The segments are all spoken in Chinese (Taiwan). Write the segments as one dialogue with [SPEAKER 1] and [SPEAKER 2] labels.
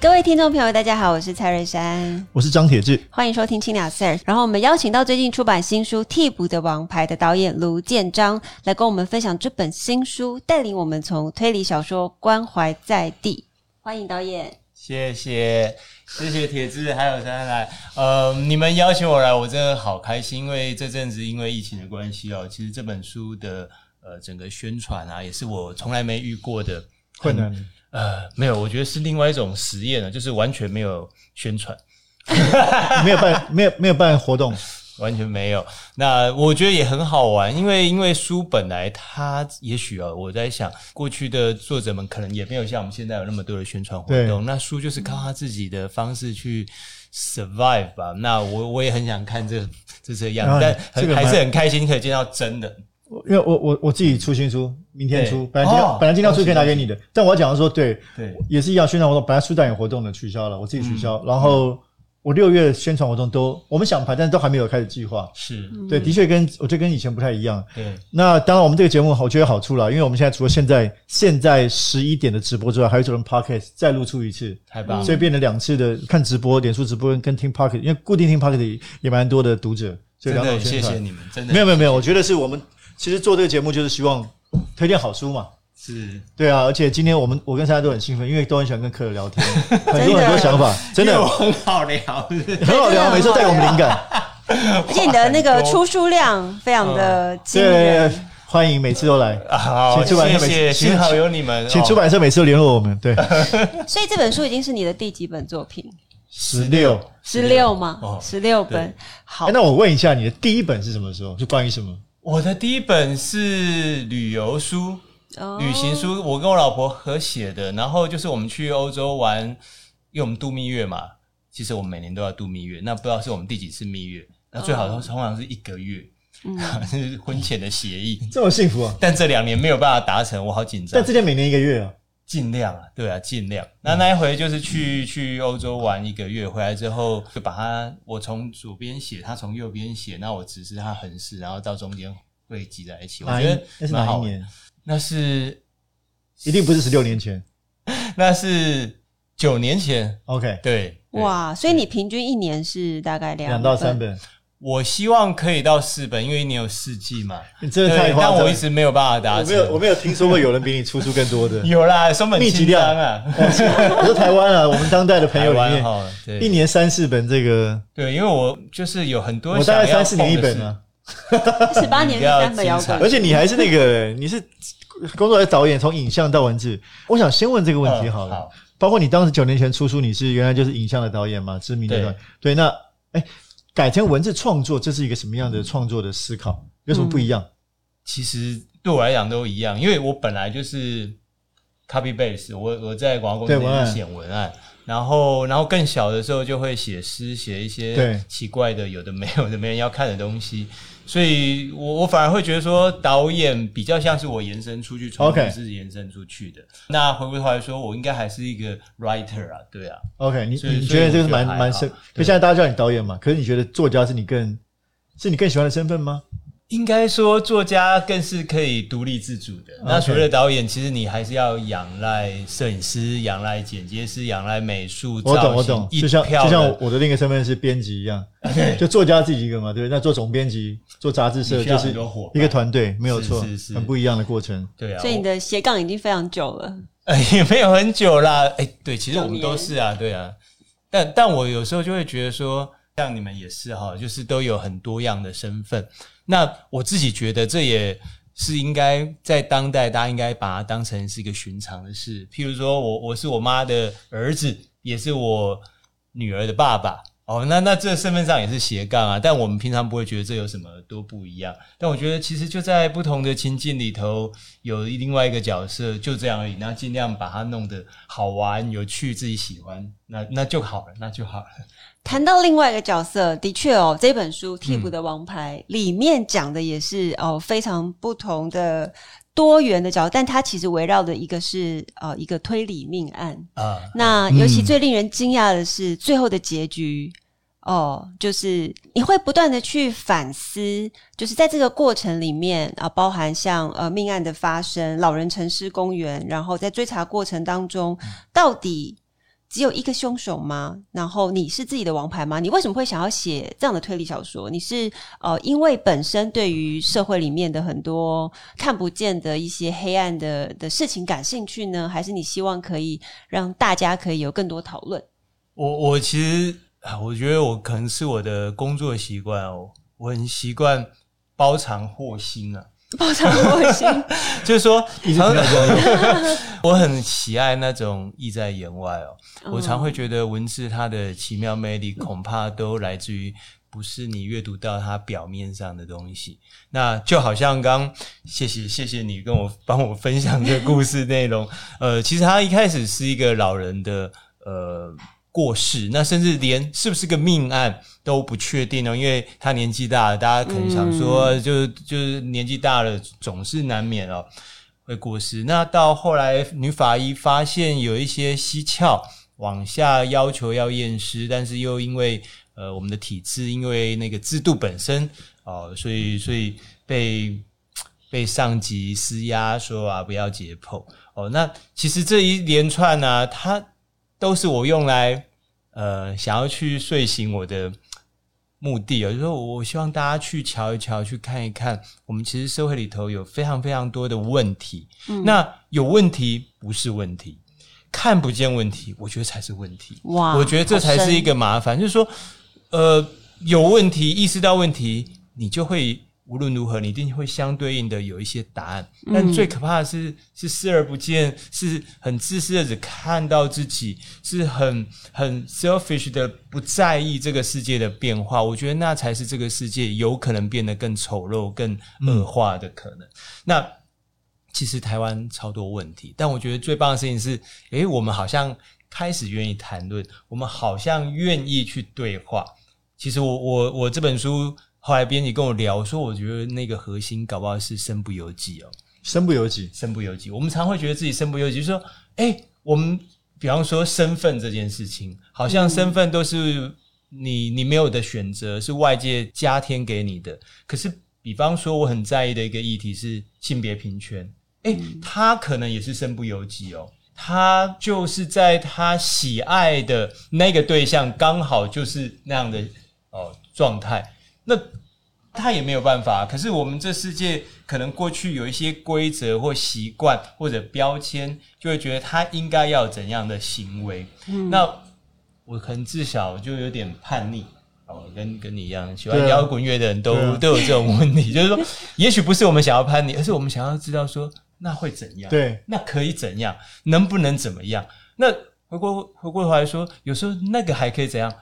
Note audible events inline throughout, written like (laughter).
[SPEAKER 1] 各位聽眾朋友，大家好，我是蔡瑞珊，
[SPEAKER 2] 我是張鐵志，
[SPEAKER 1] 歡迎收聽青鳥 Sir，然後我們邀請到最近出版新書《替補的王牌》的導演盧建彰來跟我們分享這本新書，帶領我們從推理小說關懷在地。歡迎導演，
[SPEAKER 3] 謝謝，謝謝鐵志，還有珊珊來。呃，你們邀請我來，我真的好開心，因為這陣子因為疫情的關係哦，其實這本書的呃整個宣傳啊，也是我從來沒遇過的困難。困難。呃，沒有，我覺得是另外一種實驗了，就是完全沒有宣傳，
[SPEAKER 2] (laughs) 沒有辦，沒有沒有辦活動，
[SPEAKER 3] 完全沒有。那我覺得也很好玩，因為因為書本來它也許啊，我在想過去的作者們可能也沒有像我們現在有那麼多的宣傳活動。對那書就是靠他自己的方式去 survive 吧。那我我也很想看這這這樣，但很還，還是很開心你可以見到真的。
[SPEAKER 2] 因為我我我自己出新書，明天出，本來今天，本來今天出可以拿給你的，但我要講說，對，也是一樣，宣傳活動本來書展有活動的取消了，我自己取消，然後我六月宣傳活動都我們想排，但都還沒有開始計劃。是對，的確跟我覺得跟以前不太一樣。對，那當然我們這個節目我覺得有好處啦，因為我們現在除了現在現在十一點的直播之外，還有這種 Podcast 再露出一次，太棒了！所以變了兩次的看直播，點出直播跟聽 Podcast，因為固定聽 Podcast 也蠻多的讀者。所以真的，謝謝你們，真的，沒有沒有沒有，我覺得是我們。其實做這個節目就是希望推薦好書嘛，是對啊。而且今天我們我跟大家都很興奮，因為都很喜歡跟客人聊天，很多的很多想法，真的很好，是是很
[SPEAKER 3] 好聊，
[SPEAKER 2] (laughs) 很好聊，每次帶給我們靈感。
[SPEAKER 1] (laughs) 多而且你的那個出書量非常的驚人對，
[SPEAKER 2] 歡迎每次都來。好，謝謝，幸前好有你們，請出版社每次都聯絡我們。對，
[SPEAKER 1] 所以這本書已經是你的第幾本作品？
[SPEAKER 2] 十六，
[SPEAKER 1] 十六嗎？哦，十六本。好，
[SPEAKER 2] 哎，那我問一下，你的第一本是什麼時候？是關於什麼？
[SPEAKER 3] 我的第一本是旅遊書、oh. 旅行書，我跟我老婆合寫的。然後就是我們去歐洲玩，因為我們度蜜月嘛。其實我們每年都要度蜜月，那不知道是我們第幾次蜜月。那最好、oh. 通常是一個月，mm hmm. (laughs) 是婚前的協議。哦，這麼幸福啊！但這兩年沒有辦法達成，我好緊張。但之前每
[SPEAKER 2] 年一個月啊。盡量啊，
[SPEAKER 3] 對啊，盡量。那那一回就是去去歐洲玩一個月，回來之後就把他我從左邊寫，他從右邊寫，那我指示他橫式，然後到中間會擠在一起。我覺得那是哪一年？
[SPEAKER 2] 那是,那是一定不是十六年前，那是九年前。OK，對，
[SPEAKER 1] 對哇，所以你平均一年是大概兩兩到三本。
[SPEAKER 3] 我希望可以到四本，因為你有
[SPEAKER 2] 四季嘛。你真的太誇張了！但我一直沒有辦法達成。我沒有，我沒有聽說過有人比你出書更多的。有啦，松本清張啊，我說台灣啊，我們當代的朋友面，一年三四本這個。
[SPEAKER 3] 對，因為我就是有很多，我大概三四年一本嘛。十
[SPEAKER 1] 八年三本幺本。而且你還是那個，
[SPEAKER 2] 你是工作的導演，從影像到文字。我想先問這個問題好了，包括你當時九年前出書，你是原來就是影像的導演嘛？知名的對，那哎。改成文字創作，這是一個什麼樣的創作的思考？有什麼不一樣？嗯，其實
[SPEAKER 3] 對我來講都一樣，因為我本來就是 copy base，我我在廣告公司寫文案，文案，然後然後更小的時候就會寫詩，寫一些奇怪的，對有的沒有的，沒人要看的東西。所以我，我我反而會覺得說，導演比較像是我延伸出去，從文字延伸出去的。Okay. 那回過頭來說，我應該還是一個 writer 啊，對啊。
[SPEAKER 2] OK，以你以你覺得這個是蠻蠻怕深，就現在大家叫你導演嘛？可是你覺得作家是你更，是你更喜歡的身份嗎？
[SPEAKER 3] 應該說，作家更是可以獨立自主的。Okay, 那所謂的導演，其實你還是要仰賴攝影師、仰賴剪接師、仰賴美術。我懂，造型，我懂，就像就像
[SPEAKER 2] 我的另一個身份是編輯一樣，okay, 就作家自己一個嘛，對不對？那做總編輯、做雜誌社就是一個團隊，沒有錯，是是是，很不一樣的過程。對啊，所
[SPEAKER 1] 以你的斜槓已經非常久了。
[SPEAKER 3] 欸，也沒有很久啦，欸，對，其實我們都是啊，對啊。但但我有時候就會覺得說。像你們也是哈，就是都有很多樣的身份。那我自己覺得，這也是應該在當代，大家應該把它當成是一個尋常的事。譬如說我，我是我媽的兒子，也是我女兒的爸爸。哦，oh, 那那這身份上也是斜槓啊，但我們平常不會覺得這有什麼多不一樣。但我覺得其實就在不同的情境裡頭，有另外一個角色就這樣而已。那儘量把它弄得好玩、有趣，自己喜歡，那那就好了，那就好了。
[SPEAKER 1] 談到另外一個角色，的確哦，這本書《替補的王牌》嗯、裡面講的也是哦非常不同的多元的角色，但它其實圍繞的一個是哦一個推理命案啊。那尤其最令人驚訝的是最後的結局。嗯哦，就是你會不斷的去反思，就是在這個過程裡面啊，包含像呃命案的發生、老人陳屍公園，然後在追查過程當中，嗯、到底只有一個凶手嗎？然後你是自己的王牌嗎？你為什麼會想要寫這樣的推理小說？你是呃因為本身對於社會裡面的很多看不見的一些黑暗的的事情感興趣呢，還是你希望可以讓大家可以有更多討論？
[SPEAKER 3] 我我其實。啊，我覺得我可能是我的工作習慣哦，我很習慣包藏禍心啊，包藏禍心， (laughs) 就是說，你 (laughs) 我很喜愛那種意在言外哦、喔。嗯、我常會覺得文字它的奇妙魅力，恐怕都來自於不是你閱讀到它表面上的東西。那就好像剛，謝謝謝謝你跟我幫我分享這故事內容。 (laughs) 呃，其實它一開始是一個老人的，呃。過世，那甚至連是不是個命案都不確定哦，因為他年紀大了，大家可能想說就，就就是年紀大了，總是難免哦會過世。那到後來，女法醫發現有一些蹊蹺，往下要求要驗屍，但是又因為呃我們的體制，因為那個制度本身哦，所以所以被被上級施壓，說啊不要解剖哦。那其實這一連串呢、啊，他。都是我用來，呃，想要去遂行我的目的，有時候我希望大家去瞧一瞧，去看一看，我們其實社會裡頭有非常非常多的問題。嗯，那有問題不是問題，看不見問題，我覺得才是問題。哇，我覺得這才是一個麻煩，深就是說，呃，有問題，意識到問題，你就會。無論如何，你一定會相對應的有一些答案。但最可怕的是，嗯、是視而不見，是很自私的，只看到自己，是很很 selfish 的，不在意這個世界的變化。我覺得那才是這個世界有可能變得更醜陋、更惡化的可能。嗯、那其實台灣超多問題，但我覺得最棒的事情是，誒、欸，我們好像開始願意談論，我們好像願意去對話。其實我我我這本書。後來編輯跟我聊，我說，我覺得那個核心搞不好是身不由己哦、喔，身不由己，身不由己。我們常會覺得自己身不由己，就是、說，哎、欸，我們比方說身份這件事情，好像身份都是你你沒有的選擇，是外界加添給你的。可是，比方說我很在意的一個議題是性別平權，哎、欸，他、嗯、可能也是身不由己哦、喔，他就是在他喜愛的那個對象剛好就是那樣的、嗯、哦狀態。狀態。那他也沒有辦法、啊。可是我們這世界可能過去有一些規則或習慣或者標籤，就會覺得他應該要怎樣的行為。嗯、那我可能自小就有點叛逆哦，跟跟你一樣喜歡搖滾樂的人都對都有這種問題，對就是說，也許不是我們想要叛逆，而是我們想要知道說那會怎樣？對，那可以怎樣？能不能怎麼樣？那回過回過頭來說，有時候那個還可以怎樣？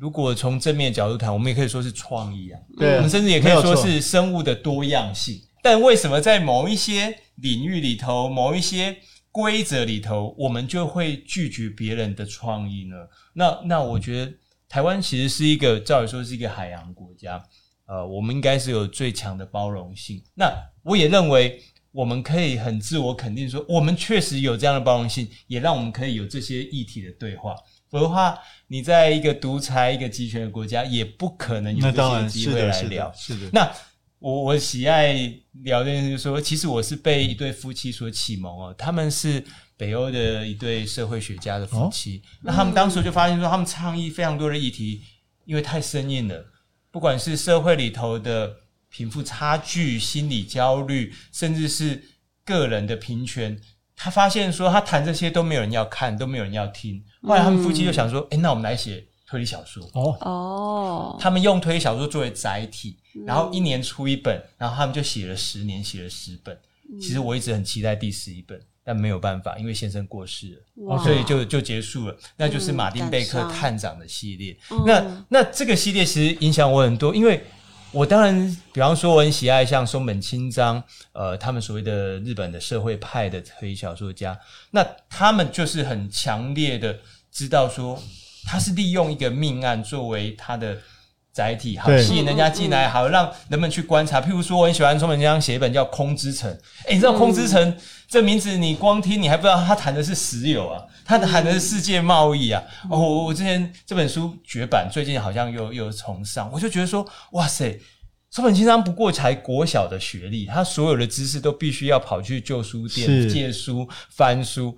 [SPEAKER 3] 如果從正面角度談，我們也可以說是創意啊，對我們甚至也可以說是生物的多樣性。嗯、但為什麼在某一些領域裡頭、某一些規則裡頭，我們就會拒絕別人的創意呢？那那我覺得，台灣其實是一個，照理說是一個海洋國家，呃，我們應該是有最強的包容性。那我也認為，我們可以很自我肯定說，我們確實有這樣的包容性，也讓我們可以有這些議題的對話。我的話你在一個獨裁、一個極權的國家，也不可能有這些機會來聊那。是的，是的是的那我我喜愛聊的就是說，其實我是被一對夫妻所啟蒙哦，他們是北歐的一對社會學家的夫妻。哦、那他們當時就發現說，他們倡議非常多的議題，因為太生硬了，不管是社會裡頭的貧富差距、心理焦慮，甚至是個人的平權。他發現說，他談這些都沒有人要看，都沒有人要聽。後來他們夫妻就想說，誒、嗯欸、那我們來寫推理小說。
[SPEAKER 1] 哦，
[SPEAKER 3] 他們用推理小說作為載體，然後一年出一本，然後他們就寫了十年，寫了十本。其實我一直很期待第十一本，但沒有辦法，因為先生過世了，哇所以就就結束了。那就是馬丁貝克探長的系列。嗯、那那這個系列其實影響我很多，因為。我當然，比方說我很喜愛像松本清張，呃，他們所謂的日本的社會派的推理小說家，那他們就是很強烈的知道說，他是利用一個命案作為他的。載體，好吸引人家進來，好讓人們去觀察。譬如說，我很喜歡松本清張寫一本叫《空之城》。哎、欸，你知道《空之城》嗯、這名字，你光聽你還不知道他談的是石油啊，他談的是世界貿易啊。我、嗯哦、我之前這本書絕版，最近好像又又重上，我就覺得說，哇塞，松本清張不過才國小的學歷，他所有的知識都必須要跑去舊書店是借書翻書。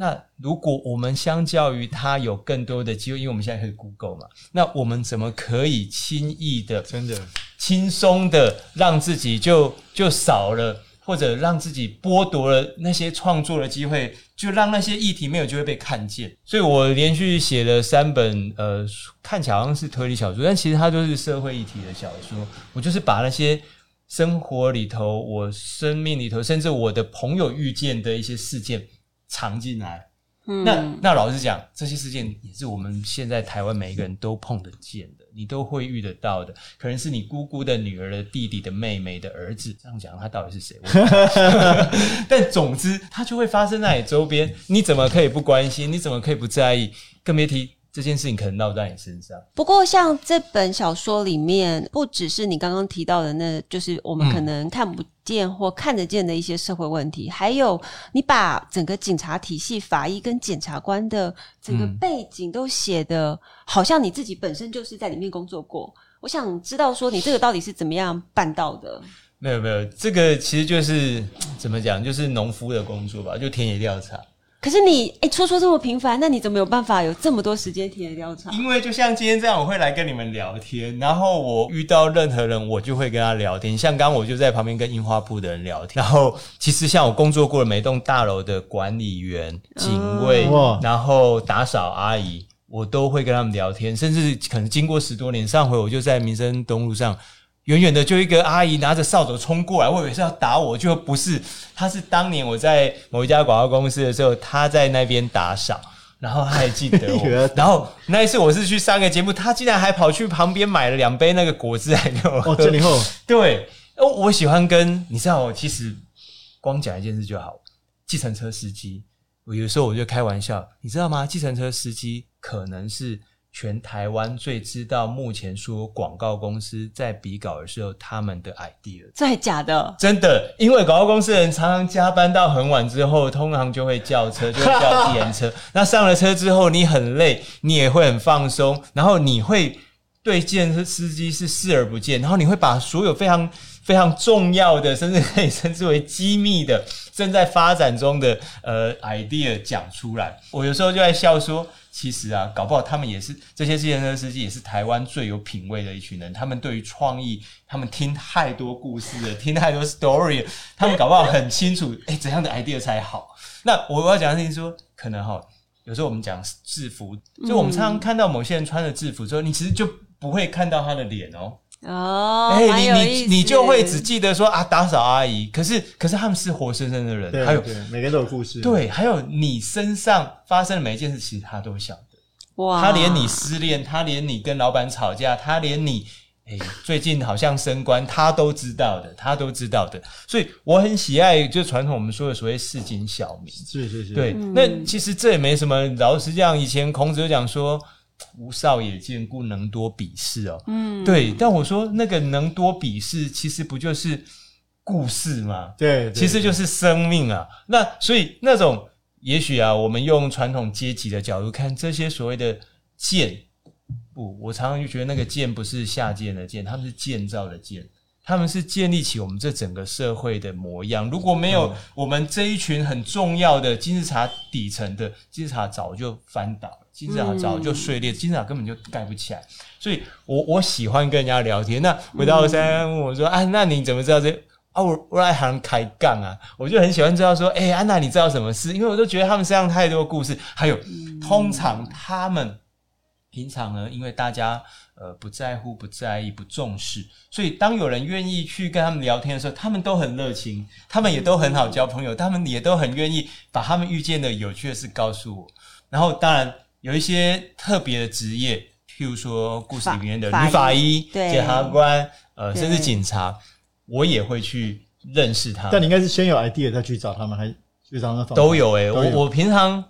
[SPEAKER 3] 那如果我們相較於他有更多的機會，因為我們現在可以 Google 嘛，那我們怎麼可以輕易的、真的輕鬆的讓自己就就少了，或者讓自己剝奪了那些創作的機會，就讓那些議題沒有機會被看見？所以我連續寫了三本呃，看起來好像是推理小說，但其實它就是社會議題的小說。我就是把那些生活裡頭、我生命裡頭，甚至我的朋友遇見的一些事件。藏進來，
[SPEAKER 1] 嗯，
[SPEAKER 3] 那那老實講，這些事件也是我們現在台灣每一個人都碰得見的，你都會遇得到的。可能是你姑姑的女兒的弟弟的妹妹的兒子，這樣講他到底是誰？ (laughs) (laughs) 但總之，他就會發生在你周邊。你怎麼可以不關心？你怎麼可以不在意？更別提這件事情可能鬧在你身
[SPEAKER 1] 上。不過，像這本小說裡面，不只是你剛剛提到的那，那就是我們可能看不。嗯見或看得見的一些社會問題，還有你把整個警察體系、法醫跟檢察官的整個背景都寫得好像你自己本身就是在裡面工作過。嗯，我想知道說你這個到底是怎麼樣辦到的？
[SPEAKER 3] 沒有沒有，這個其實就是怎麼講，就是農夫的工作吧，就田野調查。
[SPEAKER 1] 可是你哎，出書這麼頻繁，那你怎麼有辦法有這麼多時間田野調查？因為就像今
[SPEAKER 3] 天這樣，我會來跟你們聊天。然後我遇到任何人，我就會跟他聊天。像剛我就在旁邊跟印花鋪的人聊天。然後其實像我工作過的每棟大樓的管理員、警衛，Oh, wow. 然後打掃阿姨，我都會跟他們聊天。甚至可能經過十多年，上回我就在民生東路上。遠遠的就一個阿姨拿着掃帚衝過來，我以為是要打我，就不是，他是當年我在某一家廣告公司的時候，他在那邊打掃，然後他還記得我， (laughs) 啊、然後那一次我是去上個節目，他竟然還跑去旁邊買了兩杯那個果汁來給我喝。九後，對，哦，我喜歡跟你知道我，其實光講一件事就好，計程車司機，我有時候我就開玩笑，你知道嗎？計程車司機可能是。全台灣最知道目前說廣告公司在比稿的時候，他們的 idea 這
[SPEAKER 1] 還假的？
[SPEAKER 3] 真的，因為廣告公司的人常常加班到很晚之後，通常就會叫車，就會叫計程車。 (laughs) 那上了車之後，你很累，你也會很放鬆，然後你會對計程車司機是視而不見，然後你會把所有非常非常重要的，甚至可以稱之為機密的，正在發展中的呃 idea 講出來。我有時候就在笑說。其實啊，搞不好他們也是這些計程車司機，也是台灣最有品味的一群人。他們對於創意，他們聽太多故事了，聽太多 story 了，他們搞不好很清楚，誒、 (laughs) 欸、怎樣的 idea 才好？那我要講的是說，可能哈、喔，有時候我們講製服，就我們常常看到某些人穿着制服之後，你其實就不會看到他的臉哦、喔。
[SPEAKER 1] 哦，哎，你你你就會只記
[SPEAKER 3] 得說，啊，打掃阿姨。可是可是他們是活生生的人，還有對對對，每個人都有故事。對，還有你身上發生的每一件事，其實他都曉得。
[SPEAKER 1] 哇！他連你失
[SPEAKER 3] 戀，他連你跟老闆吵架，他連你哎、欸、最近好像升官，他都知道的，他都知道的。所以我很喜愛就傳統我們說的所謂市井小民。是是是，對。嗯、那其實這也沒什麼。老實講，以前孔子就講說。無少也見故能多鄙視。哦、喔，嗯，對，但我說那個能多鄙視，其實不就是故事嗎？對，對，對，其實就是生命啊。那所以那種，也許啊，我們用傳統階級的角度看這些所謂的賤。不，我常常就覺得那個賤不是下賤的賤，他們是建造的建，他們是建立起我們這整個社會的模樣。如果沒有、嗯、我們這一群很重要的金字塔底層，的金字塔早就翻倒了。金字塔早就碎裂，金字塔根本就蓋不起來。所以我，我我喜歡跟人家聊天。那、嗯、回到我剛剛問我說：“嗯、啊，那你怎麼知道這？”啊，我我愛和人開槓啊，我就很喜歡知道說：“誒、欸，安、啊、娜，你知道什麼事？”因為我都覺得他們身上太多故事。還有，通常他們平常呢，因為大家呃不在乎、不在意、不重視，所以當有人願意去跟他們聊天的時候，他們都很熱情，他們也都很好交朋友，嗯、他們也都很願意把他們遇見的有趣的事告訴我。然後，當然。有一些特別的職業，譬如說故事裡面的女法醫、檢察官，對呃，甚至警察，對我也會去認識他。但你
[SPEAKER 2] 應該是先有 idea 再去找他們，還是去找他們方法？那都,、欸、都有？誒我我
[SPEAKER 3] 平常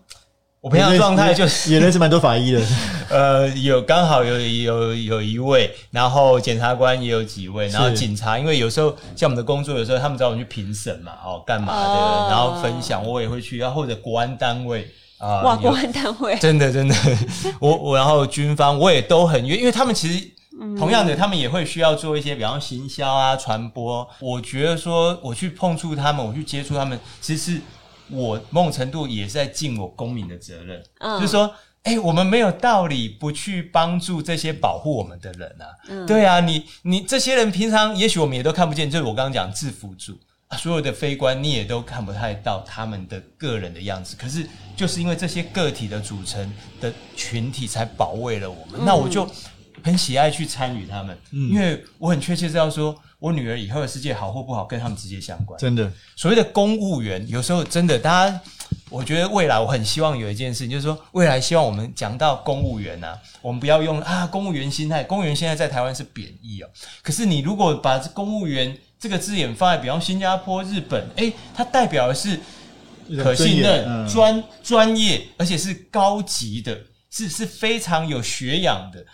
[SPEAKER 3] 我平常的狀態就是也認識蠻多法醫的， (laughs) 呃，有剛好有有有,有一位，然後檢察官也有幾位，然後警察，是因為有時候像我們的工作，有時候他們找我們去評審嘛，哦、喔，幹嘛的，哦、然後分享，我也會去，然、啊、後或者國安單位。啊！呃、哇，國安說單位真的真的，我我然後軍方我也都很約，因為他們其實同樣的，他們也會需要做一些，比方說行銷啊、傳播。我覺得說我去碰觸他們，我去接觸他們，其實我某種程度也是在盡我公民的責任。嗯，就是說，哎、欸，我們沒有道理不去幫助這些保護我們的人啊。嗯、對啊，你你這些人平常也許我們也都看不見，就是我剛剛講制服住。所有的飛官，你也都看不太到他們的個人的樣子。可是，就是因為這些個體的組成的群體，才保衛了我們。那我就很喜愛去參與他們，因為我很確切知道，說我女兒以後的世界好或不好，跟他們直接相關。真的，所謂的公務員，有時候真的，大家。我覺得未來我很希望有一件事情，就是說未來希望我們講到公務員啊，我們不要用啊公務員心態，公務員現在在台灣是貶義哦。可是你如果把公務員這個字眼放在，比方新加坡、日本，哎、欸，它代表的是可信任、專專、啊、業，而且是高級的，是是非常有學養的，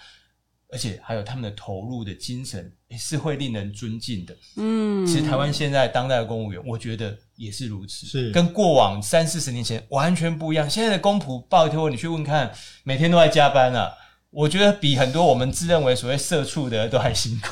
[SPEAKER 3] 而且還有他們的投入的精神、欸、是會令人尊敬的。嗯，其實台灣現在當代的公務員，我覺得。也是如此，是跟過往三四十年前完全不一樣。現在的公僕報一你去問看，每天都在加班啊。我覺得比很多我們自認為所謂社畜的都還辛苦。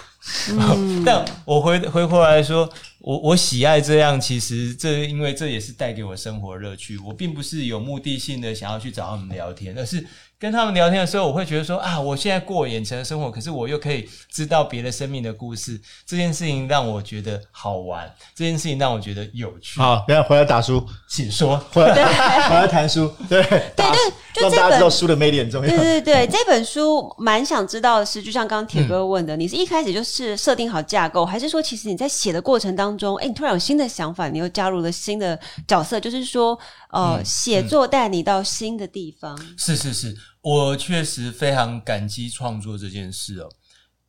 [SPEAKER 3] 嗯、但我回回過來說，我我喜愛這樣，其實這因為這也是帶給我生活樂趣。我並不是有目的性的想要去找他們聊天，而是。跟他們聊天的時候，我會覺得說啊，我現在過眼前的生活，可是我又可以知道別的生命的故事，這件事情讓我覺得好玩，這件事情讓我覺得有
[SPEAKER 2] 趣。好，等下回來打書，請說，回來對、啊、回來談 (laughs) 書，對對對，
[SPEAKER 1] 就這本讓大家知道書
[SPEAKER 2] 的魅力很重要。對對
[SPEAKER 1] 對，嗯、這本書蠻想知道的是，就像剛鐵哥問的，嗯、你是一開始就是設定好架構，還是說其實你在寫的過程當中，哎、欸，你突然有新的想法，你又加入了新的角色，就是說，呃，寫、嗯、作帶你到新的地方。
[SPEAKER 3] 是是是。我確實非常感激創作這件事哦、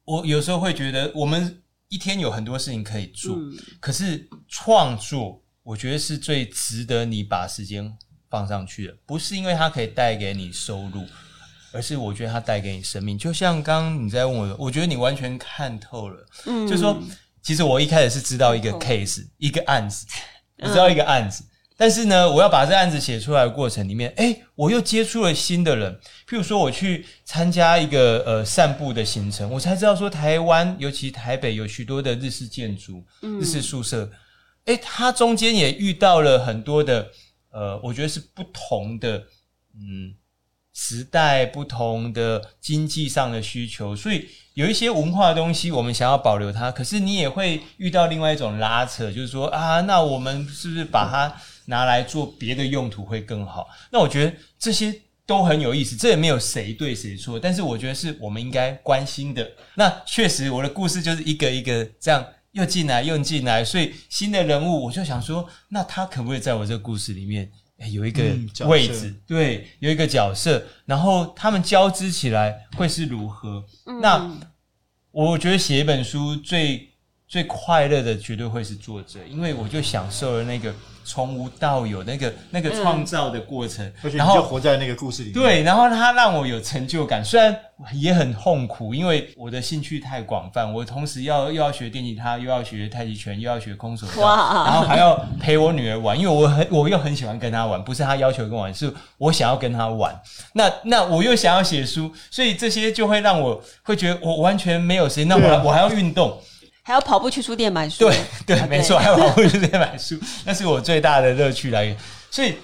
[SPEAKER 3] 喔。我有時候會覺得，我們一天有很多事情可以做，嗯、可是創作，我覺得是最值得你把時間放上去的。不是因為它可以帶給你收入，而是我覺得它帶給你生命。就像剛剛你在問我的，我覺得你完全看透了。嗯，就是說，其實我一開始是知道一個 case，、哦、一個案子，
[SPEAKER 1] 我知道一個
[SPEAKER 3] 案子。嗯但是呢，我要把這案子寫出來的過程裡面，哎、欸，我又接觸了新的人，譬如說我去參加一個呃散步的行程，我才知道說台灣，尤其台北有許多的日式建築、日式宿舍，誒、嗯欸，它中間也遇到了很多的呃，我覺得是不同的嗯時代、不同的經濟上的需求，所以有一些文化的東西我們想要保留它，可是你也會遇到另外一種拉扯，就是說啊，那我們是不是把它拿來做別的用途會更好。那我覺得這些都很有意思，這也沒有誰對誰錯。但是我覺得是我們應該關心的。那確實，我的故事就是一個一個這樣又進來又進來，所以新的人物我就想說，那他可不可以在我這個故事裡面、欸、有一個位置？嗯、對，有一個角色，然後他們交織起來會是如何？嗯、那我覺得寫一本書最。最快樂的絕對會是作者，因為我就享受了那個從無到有那個那個創
[SPEAKER 2] 造的過程，嗯、然後就活在那個故事裡面。對，
[SPEAKER 3] 然後它讓我有成就感，雖然也很痛苦，因為我的興趣太廣泛，我同時要又要學電吉他，又要學太極拳，又要學空手道，哇然後還要陪我女兒玩，因為我很我又很喜歡跟她玩，不是她要求跟我玩，是我想要跟她玩。那那我又想要寫書，所以這些就會讓我會覺得我完全沒有時間。啊、那我我還要運動。
[SPEAKER 1] 還要跑步去書店買書，對
[SPEAKER 3] 對，沒錯，還要跑步去書店買書， (laughs) 那是我最大的樂趣來源。所以，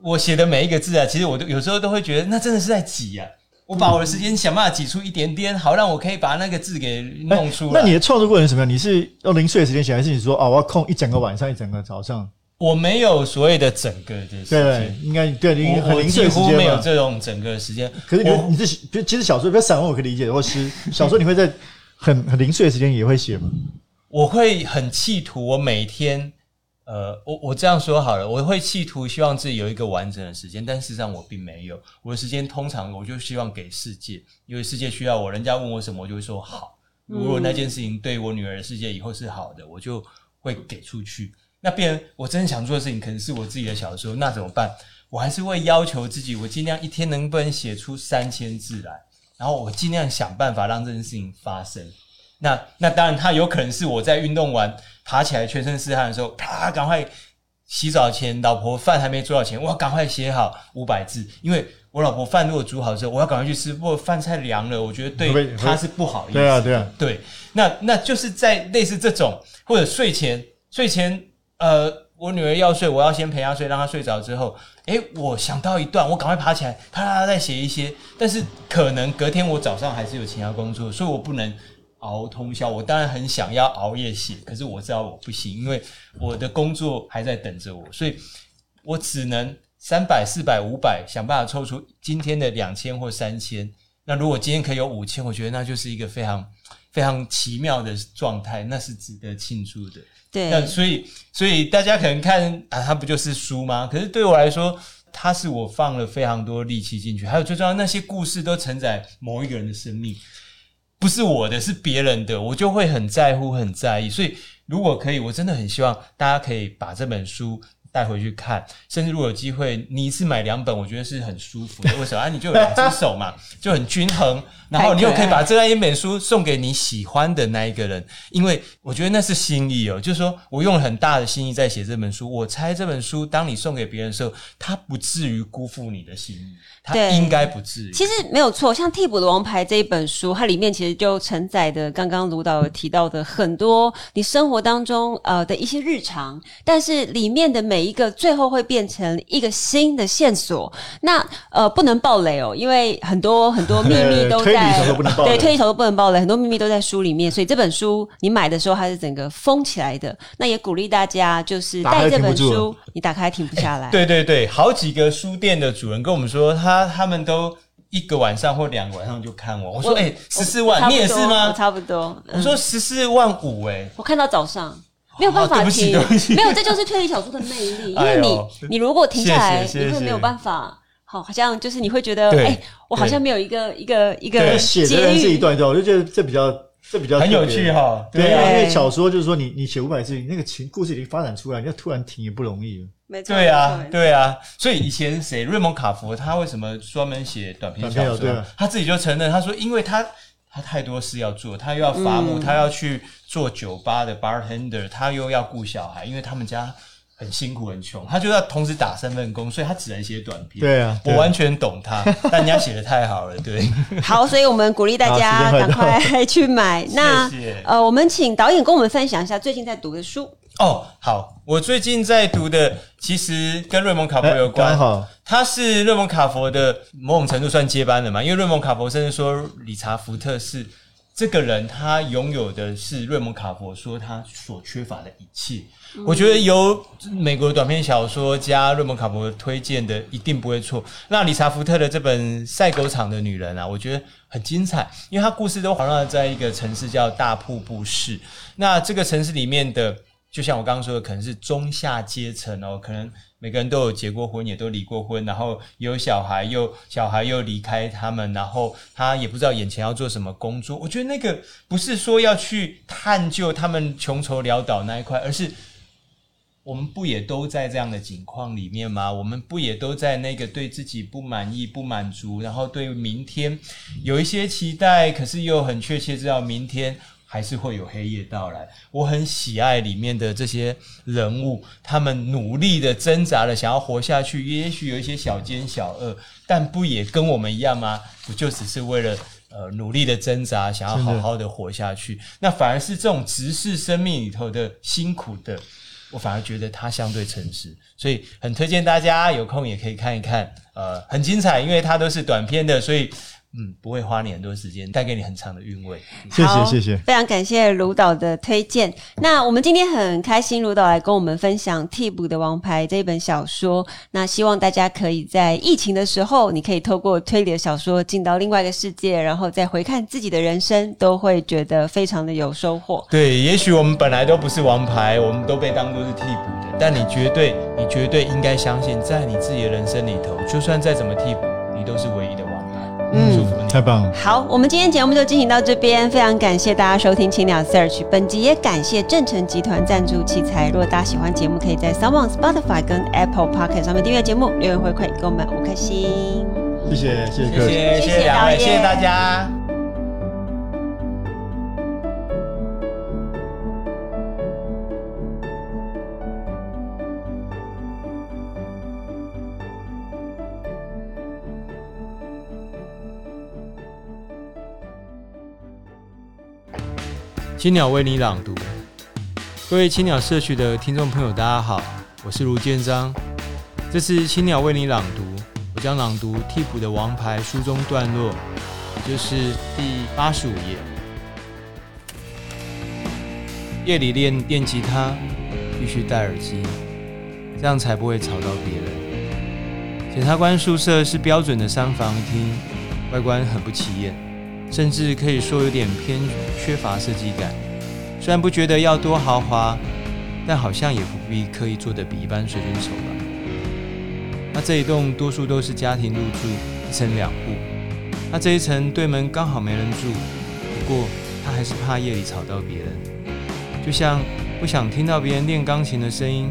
[SPEAKER 3] 我寫的每一個字啊，其實我都有時候都會覺得，那真的是在擠啊！我把我的時間想辦法擠出一點點，好讓我可以把那個字給弄出來。欸、那你的
[SPEAKER 2] 創作過程是什麼樣？你是要零碎的時間寫，還是你說啊，我要空一整個晚上，一整個早上？
[SPEAKER 3] 我沒有所謂的整個的時間，應
[SPEAKER 2] 該，對，零零我零碎的時間，我幾乎沒有這
[SPEAKER 3] 種整個時間。可是
[SPEAKER 2] 你我你是其實小說、比較散文，我可以理解，或是小說，你會在。 (laughs) 很很零碎的時間也會寫嗎？我會很企
[SPEAKER 3] 圖，我每天，呃，我我這樣說好了，我會企圖希望自己有一個完整的時間，但事實上我並沒有。我的時間通常我就希望給世界，因為世界需要我，人家問我什麼，我就會說好。如果那件事情對我女兒的世界以後是好的，我就會給出去。那別人我真的想做的事情，可能是我自己的小說，那怎麼辦？我還是會要求自己，我盡量一天能不能寫出三千字來。然後我儘量想辦法讓這件事情發生。那那當然，他有可能是我在運動完爬起來全身是汗的時候，啪趕快洗澡前，老婆飯還沒煮好前，我要趕快寫好五百字，因為我老婆飯如果煮好之後，我要趕快去吃，不過飯菜涼了，我覺得對他是不好意思。會會，對啊，對啊，對。那那就是在類似這種，或者睡前，睡前呃。我女兒要睡，我要先陪她睡，讓她睡着之後，誒、欸，我想到一段，我趕快爬起來，啪啦啦再寫一些。但是可能隔天我早上還是有其他工作，所以我不能熬通宵。我當然很想要熬夜寫，可是我知道我不行，因為我的工作還在等着我，所以我只能三百、四百、五百，想辦法湊出今天的兩千或三千。那如果今天可以有五千，我覺得那就是一個非常。非常奇妙的狀態，那是值得慶祝的。對，那所以，所以大家可能看啊，它不就是書嗎？可是對我來說，它是我放了非常多力氣進去，還有最重要，那些故事都承載某一個人的生命，不是我的，是別人的，我就會很在乎，很在意。所以，如果可以，我真的很希望大家可以把這本書。帶回去看，甚至如果有機會，你一次買兩本，我覺得是很舒服的。為什麼啊？你就有兩隻手嘛， (laughs) 就很均衡。然後你又可以把這樣一本書送給你喜歡的那一個人，因為我覺得那是心意哦、喔。就是說我用了很大的心意在寫這本書，我猜這本書當你送給別人的時候，他不至於辜負你的心意，他應該不至於。其實
[SPEAKER 1] 沒有錯，像《替補的王牌》這一本書，它裡面其實就承載的剛剛盧導提到的很多你生活當中呃的一些日常，但是裡面的每一個最後會變成一個新的線索，那呃不能爆雷哦，因為很多很多秘密都在 (laughs) 推理頭都不能爆雷，對，推理頭都不能爆雷，很多秘密都在書裡面，所以這本書你買的時候它是整個封起來的。那也鼓勵大家就是帶這本書，打還你打開還停不下來、欸。對
[SPEAKER 3] 對對，好幾個書店的主人跟我們說，他他們都一個晚上或兩個晚上就看我。我說哎，十、欸、四萬，你也是嗎？差不
[SPEAKER 1] 多。嗯、我說
[SPEAKER 3] 十四萬五哎、
[SPEAKER 1] 欸，我看到早上。沒有辦法停，沒有，這就是推理小說的魅力，因為你，你如果停下來，你會沒有辦法，好，好像就是你會覺得，哎，我好像沒有一個一個一個。寫的
[SPEAKER 2] 是一段段，我就覺得這比較這比較很有趣哈，對啊，因為小說就是說你你寫五百字，那個情故事已經發展出來，你要突然停也不容易，沒
[SPEAKER 1] 錯，對啊，
[SPEAKER 3] 對啊，所以以前誰，瑞蒙卡佛他為什麼專門寫短篇小說，他自己就承認，他說因為他。他太多事要做，他又要伐木，嗯、他要去做酒吧的 bartender，他又要顧小孩，因為他們家很辛苦，很窮，他就要同時打三份工，所以他只能寫短篇對、啊。對啊，我完全懂他， (laughs) 但人家寫得太好了。對，
[SPEAKER 1] 好，所以我們鼓勵大家趕快去買。那謝謝呃，我們請導演跟我們分享一下最近在讀的書。
[SPEAKER 3] 哦，好，我最近在讀的其實跟瑞蒙卡佛有關，呃、好他是瑞蒙卡佛的某種程度算接班的嘛？因為瑞蒙卡佛甚至說理查福特是這個人，他擁有的是瑞蒙卡佛說他所缺乏的一切。嗯、我覺得由美國短篇小說家瑞蒙卡佛推薦的一定不會錯。那理查福特的這本《賽狗場的女人》啊，我覺得很精彩，因為他故事都環繞在一個城市叫大瀑布市。那這個城市裡面的。就像我剛剛說的，可能是中下階層哦，可能每個人都有結過婚，也都離過婚，然後有小孩又，又小孩又離開他們，然後他也不知道眼前要做什麼工作。我覺得那個不是說要去探究他們窮愁潦倒那一塊，而是我們不也都在這樣的境況裡面嗎？我們不也都在那個對自己不滿意、不滿足，然後對於明天、嗯、有一些期待，可是又很確切知道明天。還是會有黑夜到來。我很喜愛裡面的這些人物，他們努力的掙扎了，想要活下去。也許有一些小奸小惡，但不也跟我們一樣嗎？不就只是為了呃努力的掙扎，想要好好的活下去？真的。那反而是這種直視生命裡頭的辛苦的，我反而覺得它相對誠實，所以很推薦大家有空也可以看一看。呃，很精彩，因為它都是短篇的，所以。嗯，不會花你很多時間，帶給你很長的韻味。好謝
[SPEAKER 1] 謝，謝
[SPEAKER 2] 謝，
[SPEAKER 3] 非
[SPEAKER 1] 常感謝盧導的推薦。那我們今天很開心，盧導來跟我們分享《替補的王牌》這一本小說。那希望大家可以在疫情的時候，你可以透過推理的小說進到另外一個世界，然後再回看自己的人生，都會覺得非常的有收穫。
[SPEAKER 3] 對，也許我們本來都不是王牌，我們都被當做是替補的，但你絕對，你絕對應該相信，在你自己的人生裡頭，就算再怎麼替補，你都是唯一。
[SPEAKER 2] 太
[SPEAKER 1] 棒了！好，我們今天節目就進行到這邊，非常感謝大家收聽《青鳥 Search》本集，也感謝正成集團贊助器材。如果大家喜歡節目，可以在 SoundOn Spotify 跟 Apple Podcast 上面訂閱節目，留言回饋，給我們五顆星。謝
[SPEAKER 2] 謝，謝謝，謝謝，謝謝兩位，謝謝大家。
[SPEAKER 3] 青鳥為你朗讀，各位青鳥社區的聽眾朋友，大家好，我是盧建彰。這次青鳥為你朗讀，我將朗讀《替補的王牌》書中段落，也就是第八十五頁。夜裡練電吉他，必須戴耳機，這樣才不會吵到別人。檢察官宿舍是標準的三房一廳，外觀很不起眼。甚至可以說有點偏，缺乏設計感，雖然不覺得要多豪華，但好像也不必刻意做得比一般水準醜吧？那這一棟多數都是家庭入住，一層兩戶。那這一層對門剛好沒人住，不過他還是怕夜裡吵到別人。就像不想聽到別人練鋼琴的聲音，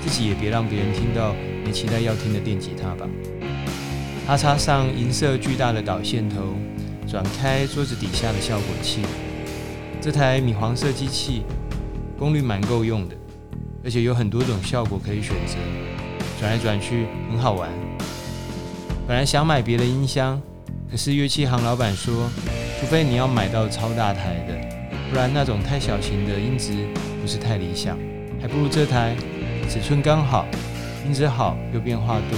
[SPEAKER 3] 自己也別讓別人聽到你期待要聽的電吉他吧。他插上銀色巨大的導線頭。轉開桌子底下的效果器，這台米黃色機器功率蠻夠用的，而且有很多種效果可以選擇，轉來轉去很好玩。本來想買別的音箱，可是樂器行老闆說，除非你要買到超大台的，不然那種太小型的音質不是太理想，還不如這台，尺寸剛好，音質好又變化多，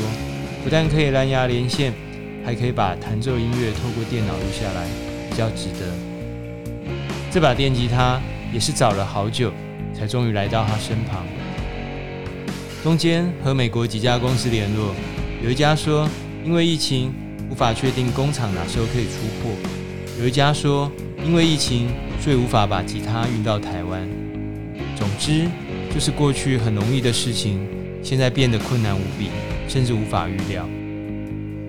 [SPEAKER 3] 不但可以藍牙連線。還可以把彈奏音樂透過電腦錄下來，比較值得。這把電吉他也是找了好久，才終於來到他身旁。中間和美國幾家公司聯絡，有一家說因為疫情無法確定工廠哪時候可以出貨，有一家說因為疫情所以無法把吉他運到台灣。總之，就是過去很容易的事情，現在變得困難無比，甚至無法預料。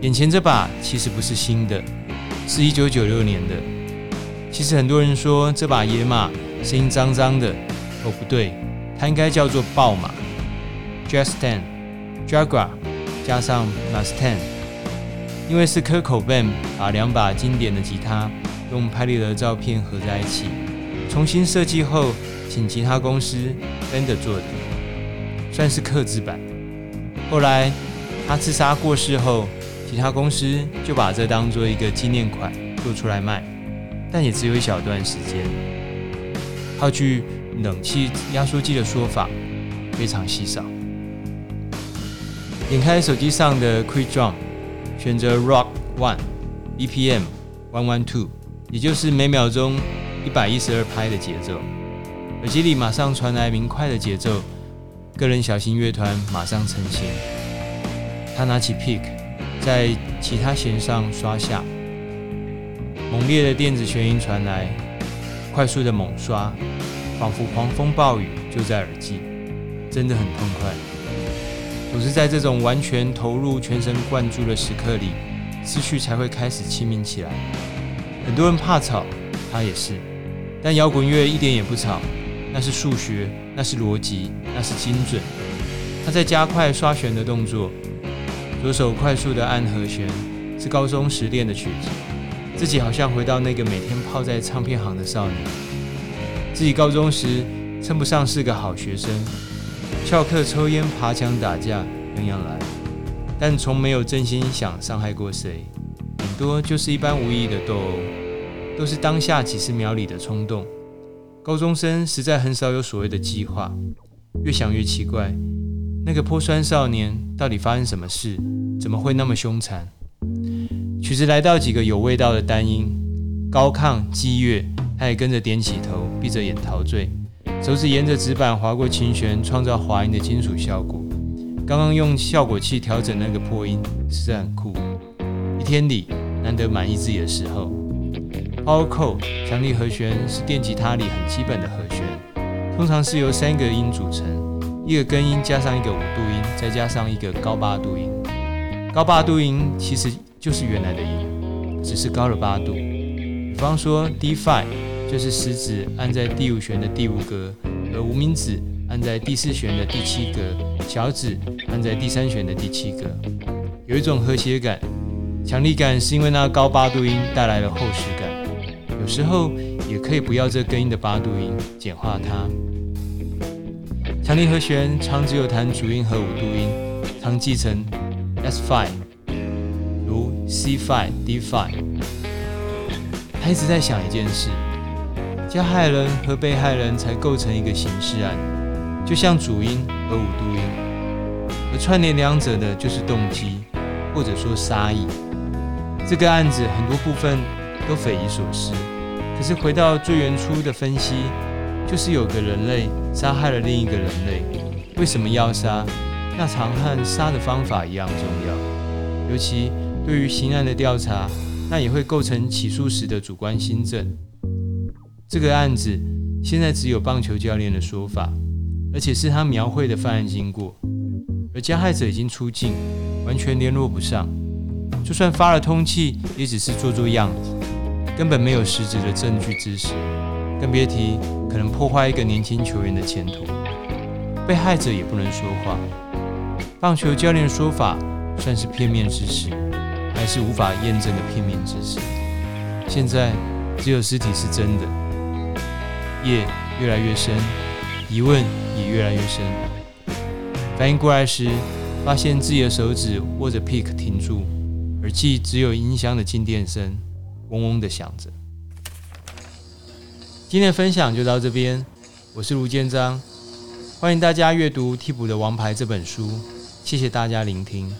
[SPEAKER 3] 眼前這把其實不是新的，是一九九六年的。其實很多人說這把野馬聲音髒髒的，哦不對，它應該叫做豹馬。Jag-Stang Jaguar 加上 Mustang，因為是 Kurt Cobain 把兩把經典的吉他用拍立得的照片合在一起，重新設計後，請吉他公司 Fender 做的，算是客製版。後來他自殺過世後。其他公司就把這當做一個紀念款做出來賣，但也只有一小段時間。套句冷氣壓縮機的說法，非常稀少。點開手機上的 Quick Jump，選擇 Rock One BPM One One Two，也就是每秒鐘一百一十二拍的節奏。耳機裡馬上傳來明快的節奏，個人小型樂團馬上成型。他拿起 Pick。在其他弦上刷下，猛烈的電子弦音傳來，快速的猛刷，仿佛狂風暴雨就在耳際，真的很痛快。總是在這種完全投入、全神貫注的時刻裡，思緒才會開始清明起來。很多人怕吵，他也是，但搖滾樂一點也不吵，那是數學，那是邏輯，那是精準。他在加快刷弦的動作。左手快速地按和弦，是高中時練的曲子。自己好像回到那個每天泡在唱片行的少年。自己高中時稱不上是個好學生，翹課、抽煙、爬牆、打架，樣樣來，但從沒有真心想傷害過誰，很多就是一般無意義的鬥毆，都是當下幾十秒裡的衝動。高中生實在很少有所謂的計劃，越想越奇怪。那個潑酸少年到底發生什麼事？怎麼會那麼兇殘？曲子來到幾個有味道的單音，高亢激越，他也跟着點起頭，閉着眼陶醉，手指沿着指板劃過琴絃，創造滑音的金屬效果。剛剛用效果器調整那個破音，是很酷。一天裡難得滿意自己的時候，Power chord，強力和弦是電吉他裡很基本的和弦，通常是由三個音組成。一個根音加上一個五度音，再加上一個高八度音。高八度音其實就是原來的音，只是高了八度。比方說 D5，就是食指按在第五弦的第五格，而無名指按在第四弦的第七格，小指按在第三弦的第七格。有一種和諧感，強力感是因為那高八度音帶來了厚實感。有時候也可以不要這根音的八度音，簡化它。強力和弦常只有彈主音和五度音，常記成 S5，如 C5、D5。他一直在想一件事：加害人和被害人才構成一個刑事案，就像主音和五度音，而串聯兩者的就是動機，或者說殺意。這個案子很多部分都匪夷所思，可是回到最原初的分析，就是有個人類。殺害了另一個人類，為什麼要殺？那長漢殺的方法一樣重要，尤其對於刑案的調查，那也會構成起訴時的主觀心證。這個案子現在只有棒球教練的說法，而且是他描繪的犯案經過，而加害者已經出境，完全聯絡不上，就算發了通緝，也只是做做樣子，根本沒有實質的證據支持。更別提可能破壞一個年輕球員的前途。被害者也不能說話。棒球教練的說法算是片面之詞，還是無法驗證的片面之詞？現在只有屍體是真的。夜越來越深，疑問也越來越深。反應過來時，發現自己的手指握着 pick 停住，耳機只有音箱的靜電聲嗡嗡地響着。今天的分享就到這邊，我是盧建彰，歡迎大家閱讀《替補的王牌》這本書，謝謝大家聆聽。